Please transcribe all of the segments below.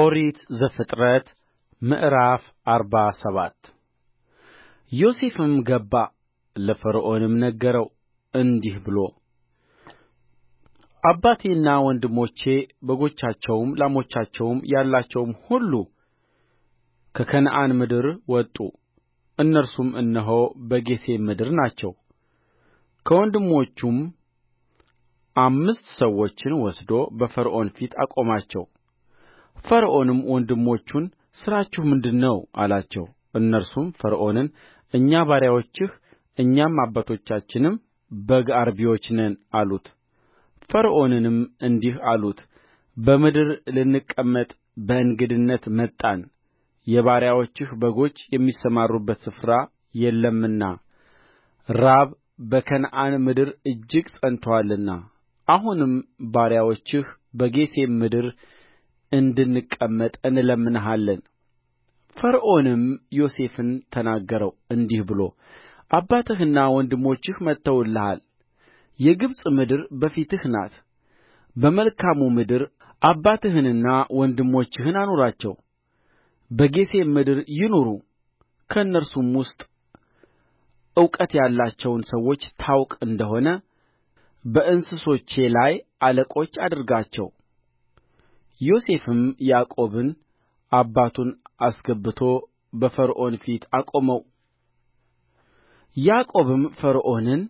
ኦሪት ዘፍጥረት ምዕራፍ አርባ ሰባት ዮሴፍም ገባ ለፈርዖንም ነገረው እንዲህ ብሎ አባቴና ወንድሞቼ በጎቻቸውም ላሞቻቸውም ያላቸውም ሁሉ ከከነዓን ምድር ወጡ እነርሱም እነሆ በጌሤም ምድር ናቸው ከወንድሞቹም አምስት ሰዎችን ወስዶ በፈርዖን ፊት አቆማቸው ፈርዖንም ወንድሞቹን ሥራችሁ ምንድር ነው አላቸው እነርሱም ፈርዖንን እኛ ባሪያዎችህ እኛም አባቶቻችንም በግ አርቢዎች ነን አሉት ፈርዖንንም እንዲህ አሉት በምድር ልንቀመጥ በእንግድነት መጣን የባሪያዎችህ በጎች የሚሰማሩበት ስፍራ የለምና ራብ በከነዓን ምድር እጅግ ጸንቶአልና አሁንም ባሪያዎችህ በጌሤም ምድር እንድንቀመጥ እንለምንሃለን ፈርዖንም ዮሴፍን ተናገረው እንዲህ ብሎ አባትህና ወንድሞችህ መጥተውልሃል የግብፅ ምድር በፊትህ ናት በመልካሙ ምድር አባትህንና ወንድሞችህን አኑራቸው በጌሤም ምድር ይኑሩ ከእነርሱም ውስጥ እውቀት ያላቸውን ሰዎች ታውቅ እንደ ሆነ በእንስሶቼ ላይ አለቆች አድርጋቸው ዮሴፍም ያዕቆብን አባቱን አስገብቶ በፈርዖን ፊት አቆመው ያዕቆብም ፈርዖንን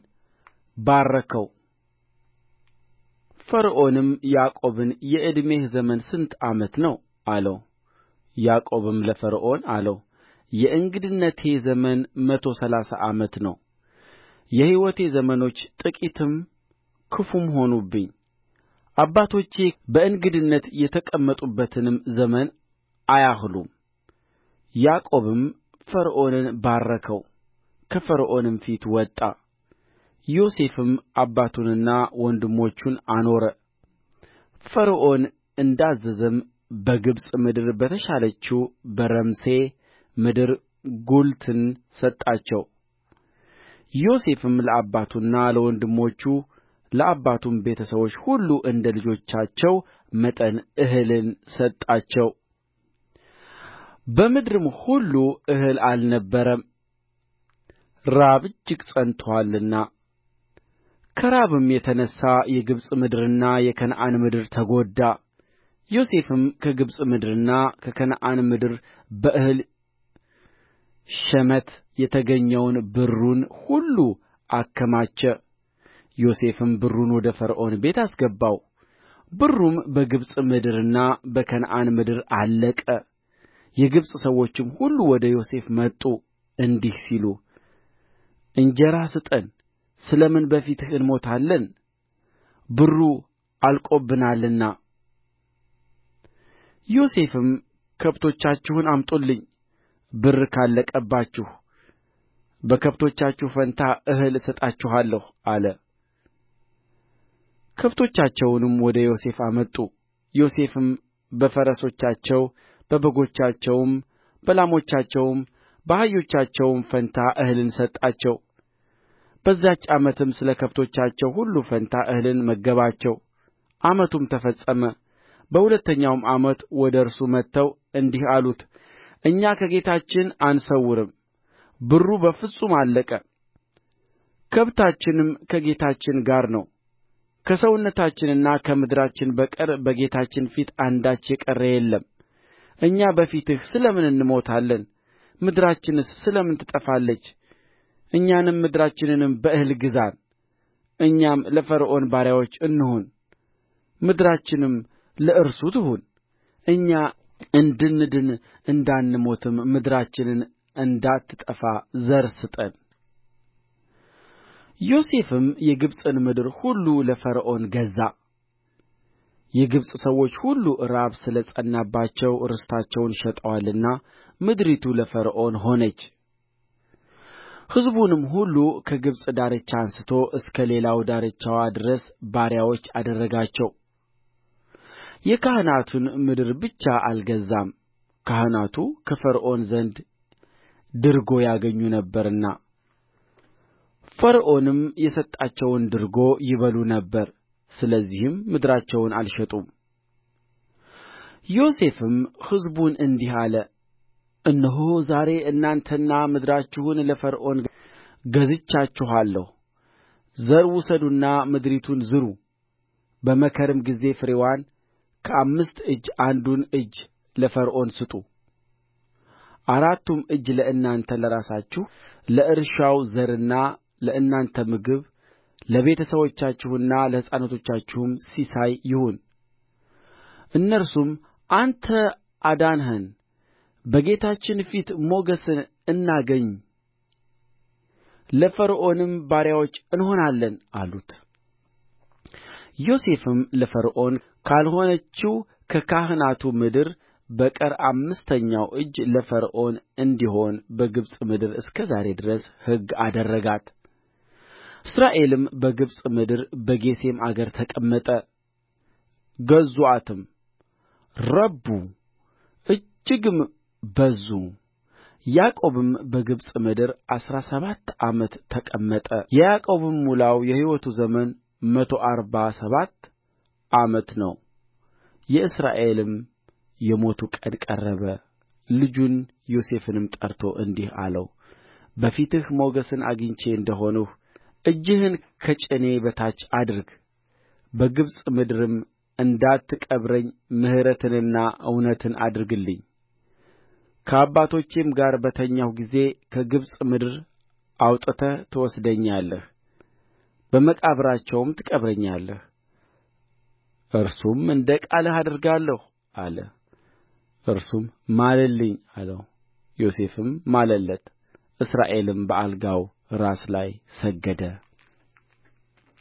ባረከው ፈርዖንም ያዕቆብን የዕድሜህ ዘመን ስንት ዓመት ነው አለው ያዕቆብም ለፈርዖን አለው የእንግድነቴ ዘመን መቶ ሠላሳ ዓመት ነው የሕይወቴ ዘመኖች ጥቂትም ክፉም ሆኑብኝ አባቶቼ በእንግድነት የተቀመጡበትንም ዘመን አያህሉም ያዕቆብም ፈርዖንን ባረከው ከፈርዖንም ፊት ወጣ ዮሴፍም አባቱንና ወንድሞቹን አኖረ ፈርዖን እንዳዘዘም በግብፅ ምድር በተሻለችው በረምሴ ምድር ጉልትን ሰጣቸው ዮሴፍም ለአባቱና ለወንድሞቹ ለአባቱም ቤተ ሰቦች ሁሉ እንደ ልጆቻቸው መጠን እህልን ሰጣቸው በምድርም ሁሉ እህል አልነበረም ራብ እጅግ ጸንቶአልና ከራብም የተነሣ የግብፅ ምድርና የከነዓን ምድር ተጎዳ ዮሴፍም ከግብፅ ምድርና ከከነዓን ምድር በእህል ሸመት የተገኘውን ብሩን ሁሉ አከማቸ ዮሴፍም ብሩን ወደ ፈርዖን ቤት አስገባው ብሩም በግብፅ ምድርና በከነዓን ምድር አለቀ የግብፅ ሰዎችም ሁሉ ወደ ዮሴፍ መጡ እንዲህ ሲሉ እንጀራ ስጠን ስለ ምን በፊትህ እንሞታለን ብሩ አልቆብናልና ዮሴፍም ከብቶቻችሁን አምጡልኝ ብር ካለቀባችሁ በከብቶቻችሁ ፋንታ እህል እሰጣችኋለሁ አለ ከብቶቻቸውንም ወደ ዮሴፍ አመጡ ዮሴፍም በፈረሶቻቸው በበጎቻቸውም በላሞቻቸውም በአህዮቻቸውም ፋንታ እህልን ሰጣቸው በዚያች ዓመትም ስለ ከብቶቻቸው ሁሉ ፋንታ እህልን መገባቸው ዓመቱም ተፈጸመ በሁለተኛውም ዓመት ወደ እርሱ መጥተው እንዲህ አሉት እኛ ከጌታችን አንሰውርም ብሩ በፍጹም አለቀ ከብታችንም ከጌታችን ጋር ነው ከሰውነታችንና ከምድራችን በቀር በጌታችን ፊት አንዳች የቀረ የለም እኛ በፊትህ ስለ ምን እንሞታለን ምድራችንስ ስለ ምን ትጠፋለች እኛንም ምድራችንንም በእህል ግዛን እኛም ለፈርዖን ባሪያዎች እንሁን ምድራችንም ለእርሱ ትሁን እኛ እንድንድን እንዳንሞትም ምድራችንን እንዳትጠፋ ዘር ስጠን ዮሴፍም የግብፅን ምድር ሁሉ ለፈርዖን ገዛ የግብፅ ሰዎች ሁሉ ራብ ስለ ጸናባቸው ርስታቸውን ሸጠዋልና ምድሪቱ ለፈርዖን ሆነች ሕዝቡንም ሁሉ ከግብፅ ዳርቻ አንሥቶ እስከ ሌላው ዳርቻዋ ድረስ ባሪያዎች አደረጋቸው የካህናቱን ምድር ብቻ አልገዛም ካህናቱ ከፈርዖን ዘንድ ድርጎ ያገኙ ነበርና ፈርዖንም የሰጣቸውን ድርጎ ይበሉ ነበር ስለዚህም ምድራቸውን አልሸጡም ዮሴፍም ሕዝቡን እንዲህ አለ እነሆ ዛሬ እናንተንና ምድራችሁን ለፈርዖን ገዝቻችኋለሁ ዘር ውሰዱና ምድሪቱን ዝሩ በመከርም ጊዜ ፍሬዋን ከአምስት እጅ አንዱን እጅ ለፈርዖን ስጡ አራቱም እጅ ለእናንተ ለራሳችሁ ለእርሻው ዘርና ለእናንተ ምግብ ለቤተ ሰዎቻችሁና ለሕፃናቶቻችሁም ሲሳይ ይሁን እነርሱም አንተ አዳንኸን በጌታችን ፊት ሞገስን እናገኝ ለፈርዖንም ባሪያዎች እንሆናለን አሉት ዮሴፍም ለፈርዖን ካልሆነችው ከካህናቱ ምድር በቀር አምስተኛው እጅ ለፈርዖን እንዲሆን በግብፅ ምድር እስከ ዛሬ ድረስ ሕግ አደረጋት እስራኤልም በግብፅ ምድር በጌሤም አገር ተቀመጠ ገዙአትም ረቡ እጅግም በዙ ያዕቆብም በግብፅ ምድር አሥራ ሰባት ዓመት ተቀመጠ የያዕቆብም ሙላው የሕይወቱ ዘመን መቶ አርባ ሰባት ዓመት ነው የእስራኤልም የሞቱ ቀን ቀረበ ልጁን ዮሴፍንም ጠርቶ እንዲህ አለው በፊትህ ሞገስን አግኝቼ እንደ ሆንሁ እጅህን ከጭኔ በታች አድርግ በግብፅ ምድርም እንዳትቀብረኝ ምሕረትንና እውነትን አድርግልኝ ከአባቶቼም ጋር በተኛሁ ጊዜ ከግብፅ ምድር አውጥተህ ትወስደኛለህ በመቃብራቸውም ትቀብረኛለህ እርሱም እንደ ቃልህ አደርጋለሁ አለ እርሱም ማልልኝ አለው ዮሴፍም ማለለት እስራኤልም በአልጋው ራስ ላይ ሰገደ